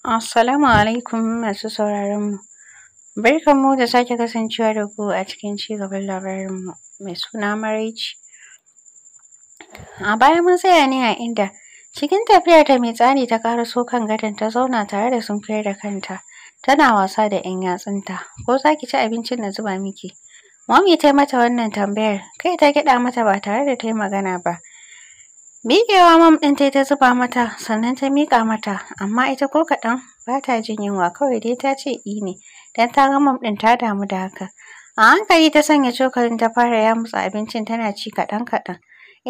Assalamu alaikum masu Barkan mu da sake kasancewa da ku a cikin ci cigaban mu mai suna maraici. A baya mun tsaya ne a inda cikin tafiyarta mai tsani ta karaso kan gadon ta zauna tare da sunfiyar da kanta tana wasa da 'yan yatsunta. Ko za ki ci abincin na zuba miki? Mami ta yi mata wannan tambayar kai ta gyaɗa mata ba tare da ta yi magana ba. Miƙewa mam ɗin tai ta zuba mata sannan ta miƙa mata amma ita ko kaɗan ba ta jin yunwa kawai dai ta ce i ne don ta ga mam ɗin ta damu da haka. A hankali ta sanya cokalin ta fara yamutsa abincin tana ci kaɗan kaɗan.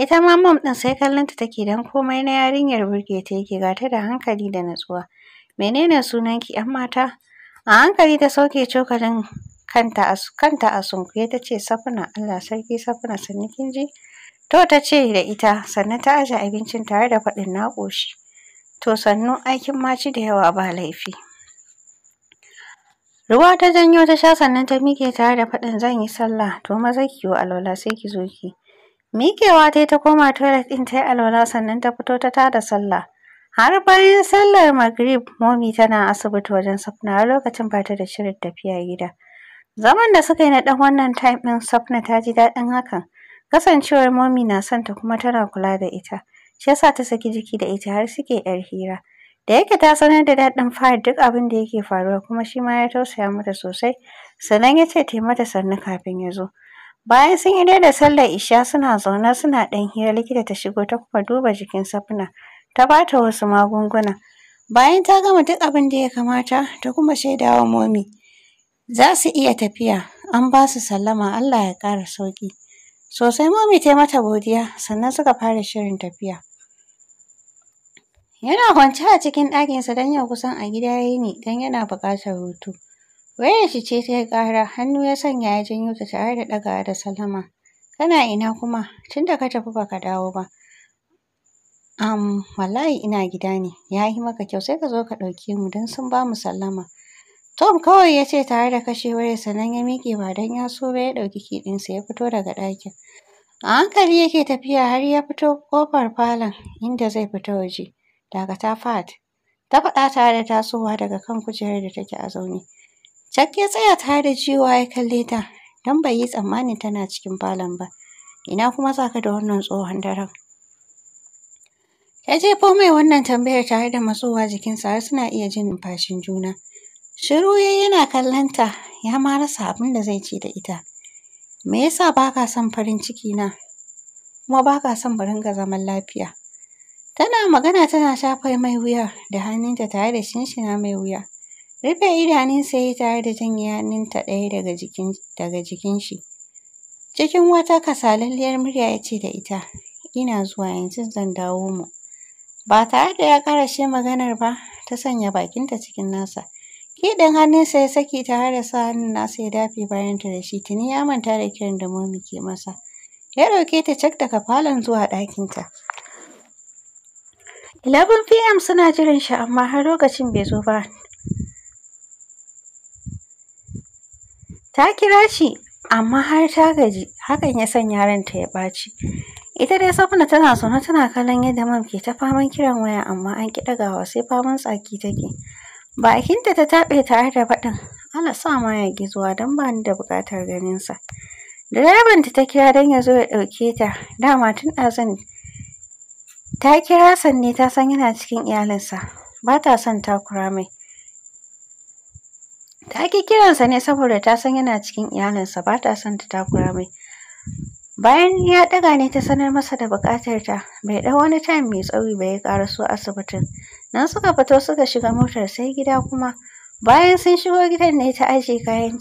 Ita ma mam ɗin sai kallonta take don komai na yarinyar burge ta yake ga ta da hankali da natsuwa. Menene sunanki ‘yan mata? A hankali ta sauke cokalin kanta a sunkuye ta ce Safina Allah sarki Safina sannu kin ji. To ta ce da ita sannan ta aje abincin tare da faɗin na ƙoshi. To sannu aikin maci da yawa ba laifi. Ruwa ta janyo ta sha sannan ta miƙe tare da faɗin zan yi sallah to maza ki yi alwala sai ki zo ki. Miƙewa ta yi ta koma toilet ɗin ta yi alwala sannan ta fito ta tada sallah. Har bayan sallar magrib momi tana asibiti wajen safna har lokacin ba ta da shirin tafiya gida. Zaman da suka yi na ɗan wannan time ɗin safna ta ji daɗin hakan. Kasancewar mami na son ta kuma tana kula da ita, shi yasa ta saki jiki da ita har suke 'yar hira. Da yake ta sanar da daɗin Fahad duk abin da yake faruwa kuma shi ma ya tausaya mata sosai, sannan ya ce ta mata sannu kafin ya zo. Bayan sun yi da sallar isha suna zaune suna ɗan hira likita ta shigo ta kuma duba jikin Safna, ta bata wasu magunguna. Bayan ta gama duk abin da ya kamata ta kuma shaida wa Momi za su iya tafiya, an ba su sallama Allah ya ƙara sauƙi. Sosai momi ta yi mata godiya sannan suka fara shirin tafiya. Yana kwance a cikin ɗakinsa don yau kusan a gida ya yi ne don yana buƙatar hutu. Wayar shi ce ta yi ƙara hannu ya sanya ya janyo ta tare da ɗagawa da salama. Kana ina kuma tun da ka tafi baka dawo ba. Am wallahi ina gida ne ya yi maka kyau sai ka zo ka ɗauke mu don sun ba mu sallama. Tom kawai ya ce tare da kashe wayar sannan ya miƙe ba don ya so ba ya ɗauki kiɗinsa ya fito daga ɗakin. A hankali yake tafiya har ya fito kofar falon inda zai fita waje. Dakata Fahad. Ta faɗa tare da tasowa daga kan kujerar da take a zaune. Jack ya tsaya tare da jiwa ya kalle ta don bai yi tsammanin tana cikin falon ba. Ina kuma za ka da wannan tsohon daren? Ta jefo mai wannan tambayar tare da matsowa jikinsa har suna iya jin numfashin juna. Shiru yayi yana ta ya ma rasa abin da zai ce da ita. Me yasa ba ka son farin ciki na? Kuma ba ka son mu ringa zaman lafiya. Tana magana tana shafa mai wuya da hannunta tare da shinshina mai wuya. Rufe idanunsa yayi tare da janye hannunta ɗaya daga jikin daga jikin shi. Cikin wata kasalalliyar murya ya ce da ita, ina zuwa yanzu zan dawo mu. Ba tare da ya ƙarashe maganar ba, ta sanya bakinta cikin nasa. Kiɗin hannunsa ya saki tare da sa hannun nasa ya dafe bayanta da shi tuni ya manta da kiran da Momi ke masa. Ya ɗauke ta cak daga falon zuwa ɗakinta. 11 pm suna jiran shi amma har lokacin bai zo ba. Ta kira shi amma har ta gaji hakan ya sanya ranta ya ɓaci. Ita dai Safna tana zaune tana kallon yadda mam ke ta faman kiran waya amma an ki ɗagawa sai faman tsaki take. Bakinta ta taɓe tare da faɗin, ana sa ma ya ƙi zuwa don ba ni da buƙatar ganinsa. Direbanta ta ta kira don ya zo ya ɗauke ta, dama tun ɗazun ta kira sanne ta san yana cikin iyalinsa, ba ta son takura mai. Ta ƙi kiransa ne saboda ta san yana cikin iyalinsa, ba ta son ta takura mai. Bayan ya ɗaga ne ta sanar masa da ta, bai ɗau wani time mai tsauri ba ya ƙaraso asibitin. Nan suka fito suka shiga motar sai gida kuma. Bayan sun shigo gidan ne ta ajiye kayan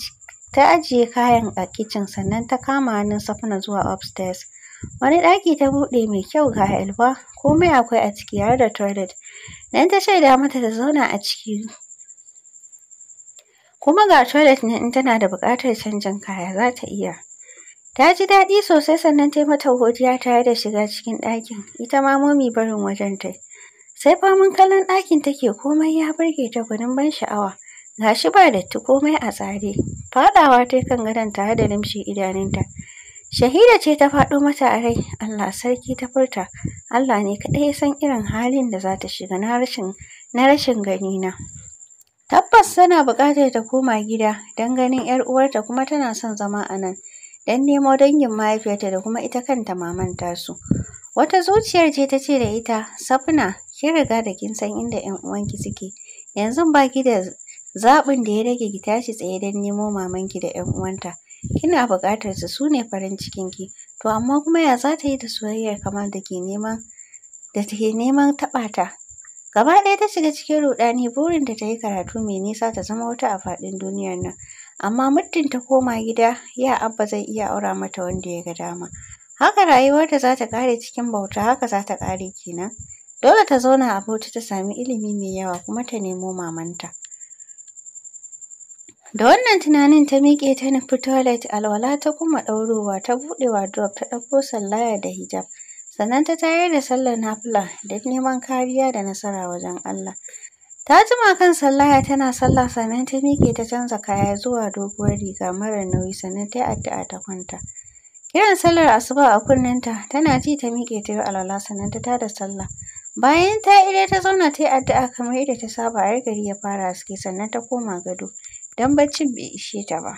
ta ajiye kayan a kicin sannan ta kama hannun safuna zuwa upstairs. Wani ɗaki ta buɗe mai kyau ga Elba, komai akwai a ciki har da toilet. Nan ta shaida mata ta zauna a ciki. Kuma ga toilet ne in tana da buƙatar canjin kaya za ta iya. Ta ji daɗi sosai sannan ta yi mata godiya tare da shiga cikin ɗakin, ita ma momi barin wajen ta sai faman kallon ɗakin take komai ya burge ta gudun ban sha'awa ga shi ba datti komai a tsare faɗawa ta kan gadon tare da limshi idanunta shahida ce ta faɗo mata a rai allah sarki ta furta allah ne kaɗai ya san irin halin da za ta shiga na rashin rashin gani na tabbas tana buƙatar ta koma gida don ganin 'yar uwarta kuma tana son zama a nan don nemo dangin mahaifiyarta da kuma ita kanta maman tasu. Wata zuciyar ce ta ce da ita, Safna, kin riga da kin san inda ƴan uwanki suke yanzu ba ki da zaɓin da ya rage ki tashi tsaye don nemo mamanki da ƴan uwanta kina buƙatar su su ne farin ki to amma kuma ya za ta yi da soyayyar kamar da ke neman da take neman taɓa ta gaba ɗaya ta shiga cikin ruɗani burin da ta yi karatu mai nisa ta zama wata a faɗin duniyar nan amma muddin ta koma gida ya abba zai iya aura mata wanda ya ga dama haka rayuwarta za ta kare cikin bauta haka za ta ƙare kenan Dole ta zauna a Bauchi ta sami ilimi mai yawa kuma ta nemo mamanta. Da wannan tunanin ta miƙe ta nufi toilet alwala ta kuma ɗaurowa ta buɗe wardrobe ta ɗauko sallaya da hijab. Sannan ta tayar da sallar nafila da neman kariya da nasara wajen Allah. Ta jima kan sallaya tana sallah sannan ta miƙe ta canza kaya zuwa doguwar riga mara nauyi sannan ta yi addu'a ta kwanta. Kiran sallar asuba a kunnenta tana ji ta miƙe ta yi alwala sannan ta tada sallah. Bayan ta idan ta zauna ta yi addu'a kamar yadda ta saba har gari ya fara haske sannan ta koma gado don baccin bai ishe ta ba.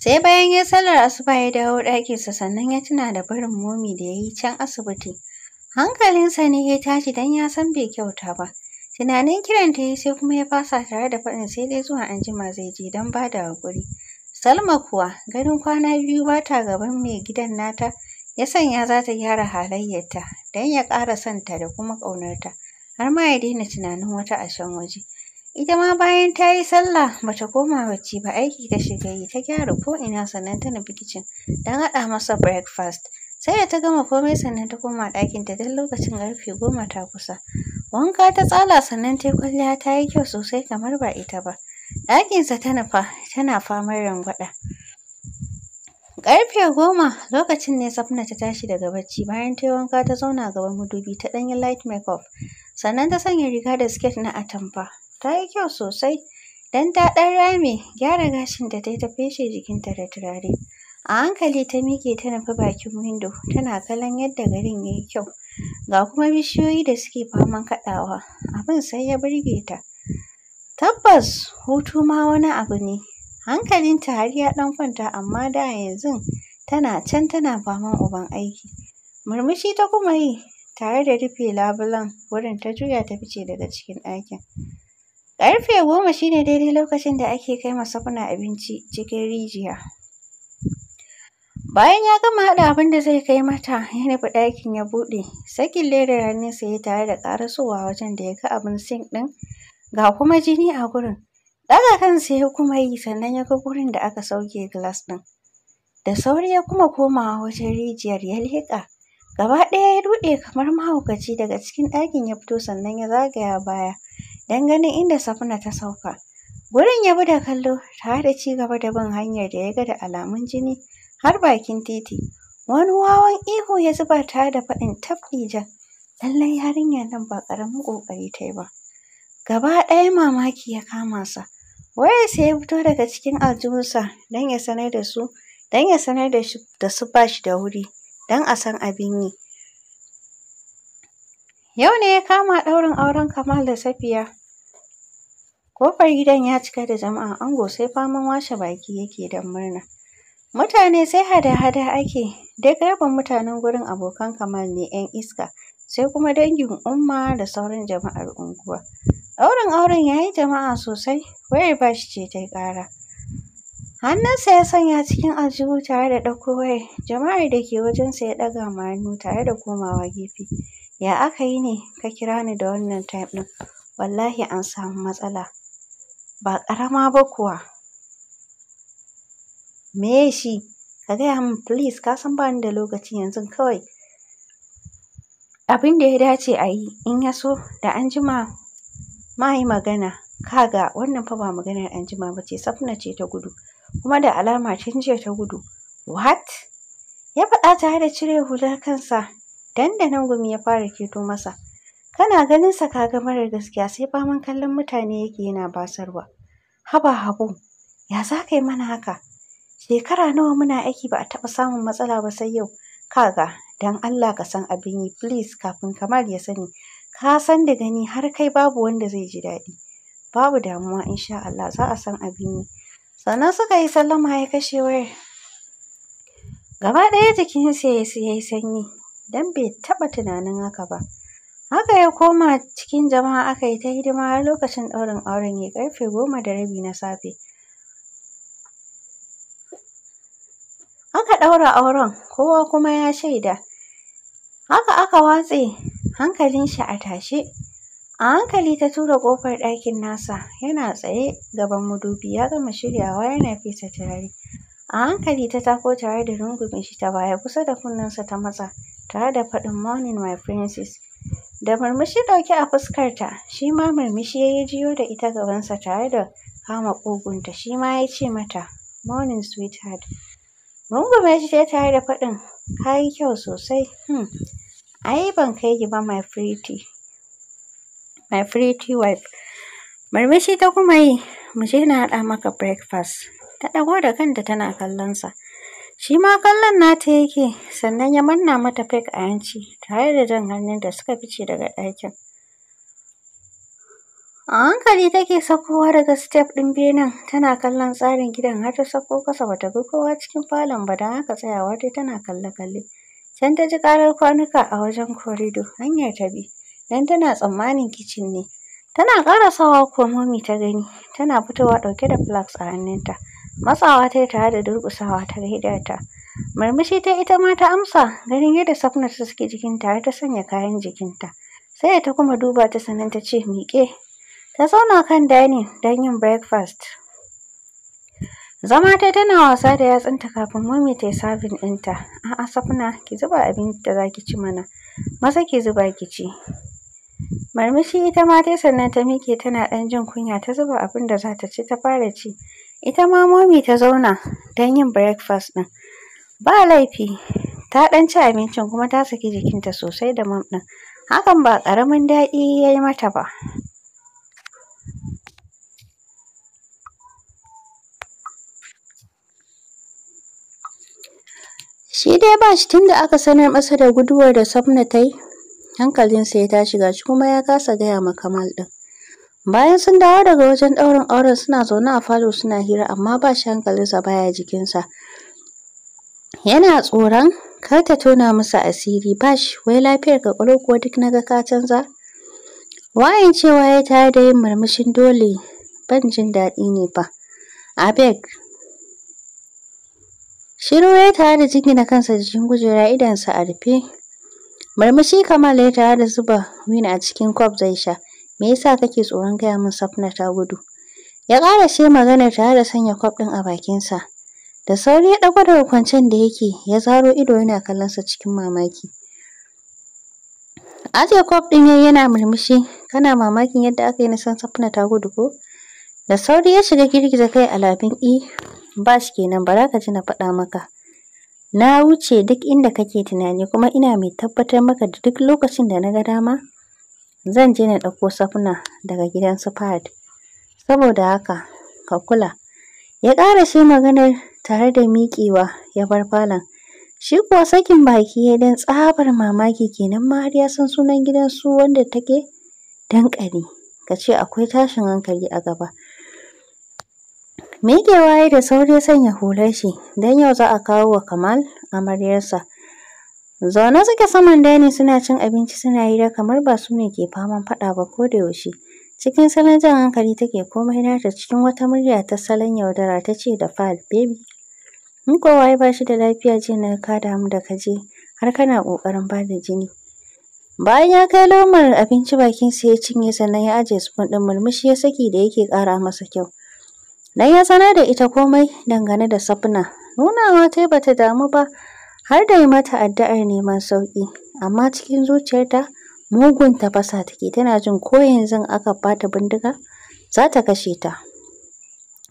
Sai bayan ya sallar asuba ya dawo ɗakinsa sannan ya tuna da barin momi da ya yi can asibiti. Hankalinsa ne ya tashi don ya san bai kyauta ba. Tunanin kiran ta yi sai kuma ya fasa tare da faɗin sai dai zuwa anjima zai je don ba da haƙuri. Salma kuwa ganin kwana biyu ba ta gaban mai gidan nata ya sanya za ta gyara halayyarta don ya ƙara ta da kuma ƙaunarta har ma ya daina tunanin wata a can waje. Ita ma bayan ta yi sallah ba ta koma bacci ba aiki ta shiga yi ta gyara ko'ina sannan ta nufi kicin don haɗa masa breakfast. Sai da ta gama komai sannan ta koma ɗakinta don lokacin ƙarfe goma ta kusa. Wanka ta tsala sannan ta yi kwalliya ta yi kyau sosai kamar ba ita ba. Ɗakinsa ta nufa tana famar rangwaɗa. Ƙarfe goma lokacin ne Safna ta tashi daga bacci bayan ta yi wanka ta zauna gaban madubi ta ɗan yi light makeup. Sannan ta sanya riga da siket na atamfa. Ta yi kyau sosai don ta ɗan rame gyara gashin da ta yi ta feshe jikinta da turare. A hankali ta miƙe ta nufi bakin windo tana kallon yadda garin ya yi kyau. Ga kuma bishiyoyi da suke faman kaɗawa. Abin sai ya burge ta. Tabbas hutu ma wani abu ne Hankalinta har ya ɗan kwanta amma da yanzu tana can tana faman uban aiki. Murmushi ta kuma yi tare da rufe labulen wurin ta juya ta fice daga cikin ɗakin. Ƙarfe goma shi ne daidai lokacin da ake kai ma abinci cikin rijiya. Bayan ya gama haɗa abin da zai kai mata, ya nufi ɗakin ya buɗe. Sakin ledar hannunsa ya tare da ƙarasowa wajen da ya ga abin sink ɗin, ga kuma jini a gurin. Daga kansa ya kuma yi sannan ya ga gurin da aka sauke gilas ɗin. Da sauri ya kuma komawa wajen rijiyar ya leƙa. Gaba ɗaya ya ruɗe kamar mahaukaci daga cikin ɗakin ya fito sannan ya zagaya baya don ganin inda Safuna ta sauka. Gurin ya bi da kallo tare da ci gaba da bin hanyar da ya ga da alamun jini har bakin titi. Wani wawan ihu ya zuba ta da faɗin jan Lallai yarinyar nan ba ƙaramin ƙoƙari ta yi ba. Gaba ɗaya mamaki ya kama sa. sai ya fito daga cikin aljihunsa don ya sanar da su don ya sanar da da su ba shi da wuri don a san abin yi yau ne ya kama ɗaurin auren Kamal da Safiya kofar gidan ya cika da jama'a ango sai faman washe baki yake don murna mutane sai hada-hada ake duk rabin mutanen gurin abokan Kamal ne 'yan iska sai kuma dangin Umma da sauran jama'ar unguwa Ɗaurin auren ya yi jama'a sosai, wayar bashi ce ta yi ƙara. Hannunsa ya sanya cikin aljihu tare da ɗauko wayar, jama'ar da ke wajensa ya ɗaga ma hannu tare da komawa gefe. Ya aka yi ne ka kira ni da wannan time ɗin? Wallahi an samu matsala. Ba ƙarama ba kuwa. Meye shi? Ka gaya min please ka san ba ni da lokaci yanzu kawai. Abin da ya dace a yi in ya so da an jima ma magana kaga wannan fa ba maganar anjima ba ce safna ce ta gudu kuma da alama tun jiya ta gudu what ya faɗa tare da cire hular kansa dandanan gumi ya fara keto masa kana ganin sa kaga marar gaskiya sai faman kallon mutane yake yana basarwa haba habu ya za ka yi mana haka shekara nawa muna aiki ba a taɓa samun matsala ba sai yau kaga Dan allah ka san abin yi please kafin kamal ya sani Ka san da gani har kai babu wanda zai ji daɗi. Babu damuwa in sha Allah za a san abin yi. Sannan suka yi sallama ya kashe wayar. Gaba ɗaya jikinsa ya yi sanyi don bai taɓa tunanin haka ba. Haka ya koma cikin jama'a aka yi ta hidima har lokacin ɗaurin auren ya karfe goma da rabi na safe. Aka ɗaura auren kowa kuma ya shaida. Haka aka watse, hankalin shi a tashe. A hankali ta tura ƙofar ɗakin nasa, yana tsaye gaban madubi ya gama shiryawa yana fesa turare. A hankali ta tako tare da rungumin shi ta baya kusa da kunnensa ta matsa, tare da faɗin morning my princess. Da murmushi ɗauke a fuskarta, shi ma murmushi ya yi jiyo da ita gabansa tare da kama ƙugunta, shi ma ya ce mata morning sweetheart. Rungume shi ta tare da faɗin, ka yi kyau sosai, hmm. Ai ban kai ki ba my pretty, my pretty wife. Marmashi ta kuma yi, mu je na haɗa maka breakfast. Ta ɗago da kanta tana kallon sa, Shi ma kallon nata yake, sannan ya manna mata fake a hanci tare da jan hannun da suka fice daga ɗakin. A hankali take saukowa daga step ɗin benen tana kallon tsarin gidan har ta sauko kasa bata bi kowa cikin falon ba don haka tsayawa dai tana kalle-kalle. Can ta ji ƙarar kwanuka a wajen korido hanyar ta bi don tana tsammanin kicin ne. Tana ƙarasawa kuwa momi ta gani tana fitowa ɗauke da flask a hannunta. Matsawa ta yi tare da durƙusawa ta gaida ta. Murmushi ta ita ma ta amsa ganin yadda Safnat ta suke jikinta har ta sanya kayan jikinta. Sai ta kuma duba ta sannan ta ce miƙe ta zauna kan dining don yin breakfast zama ta tana wasa da yatsunta kafin Momi ta yi serving ɗinta a'a safna ki zuba abin da za ki ci mana maza ki zuba ki ci marmishi ita ma dai sannan ta miƙe tana ɗan jin kunya ta zuba abin da za ta ci ta fara ci ita ma momi ta zauna don yin breakfast ɗin ba laifi ta ɗan ci abincin kuma ta saki jikinta sosai da mam ɗin hakan ba ƙaramin daɗi ya yi mata ba Shi dai ba shi da aka sanar masa da guduwar da Safna ta yi, hankalinsa ya tashi shi kuma ya kasa gaya ma Kamal ɗin. Bayan sun dawo daga wajen ɗaurin auren suna zaune a falo suna hira amma ba shi hankalinsa baya jikinsa. Yana tsoron kar ta tona masa asiri ba shi wai lafiyar ka ƙwalau kuwa duk na ga ka canza. Wayan cewa ya tare da yin murmushin dole ban jin daɗi ne fa. Abeg Shiru ya tare da jingina kansa jikin kujera idansa a rufe. Murmushi kamar ya tare da zuba wina a cikin kwaf zai sha. Me yasa kake tsoron gaya min Safna ta gudu? Ya ƙara shi magana tare da sanya kwaf ɗin a bakinsa. Da sauri ya ɗago daga kwancen da yake ya zaro ido yana kallon sa cikin mamaki. Ajiye kwaf ɗin yayi yana murmushi. Kana mamakin yadda aka yi na san Safna ta gudu ko? Da sauri ya shiga girgiza kai a lafin i. bash kenan ba za ka ji na faɗa maka na wuce duk inda kake tunani kuma ina mai tabbatar maka da duk lokacin da na ga dama zan je na ɗauko safuna daga gidan su Fahad saboda haka ka kula ya ƙara shi maganar tare da miƙewa ya bar falon shi kuwa sakin baki ya dan tsabar mamaki kenan ma har ya san sunan gidan su wanda take danƙari ka ce akwai tashin hankali a gaba mike waye da sauri sanya hular shi, don yau za a kawo wa Kamal amaryarsa. Zaune suke saman dani suna cin abinci suna hira kamar ba su ne ke faman faɗa ba ko da yaushe. Cikin salon jan hankali take komai nata cikin wata murya ta salon yaudara ta ce da fal baby. In ko waye ba shi da lafiya jiya na ka damu da ka je, har kana ƙoƙarin ba da jini. Bayan ya kai lomar abinci bakin sa ya cinye sannan ya ajiye spoon ɗin murmushi ya saki da yake ƙara masa kyau. Dan ya sanar da ita komai dangane da Safna. Nunawa ta bata damu ba har da yi mata addu'ar neman sauki, amma cikin zuciyarta mugun tafasa take tana jin ko yanzu aka bata bindiga za ta kashe ta.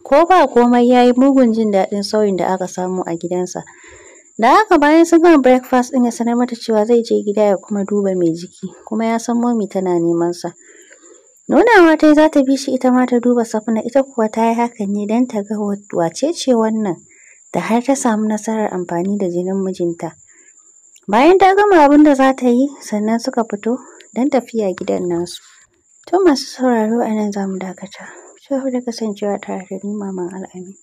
Ko ba komai yayi mugun jin daɗin sauyin da aka samu a gidansa. Da haka bayan sun gama breakfast ɗin ya sanar mata cewa zai je gida ya kuma duba mai jiki kuma ya san Momi tana neman sa. Nunawa ta yi za ta bi shi ita ma ta duba Safna ita kuwa ta yi hakan ne don ta ga wace ce wannan da har ta samu nasarar amfani da jinin mijinta. Bayan ta gama abin da za ta yi sannan suka fito don tafiya gidan nasu. Tun masu sauraro a nan za mu dakata. Ci gaba da kasancewa tare da ni Maman Al'amin.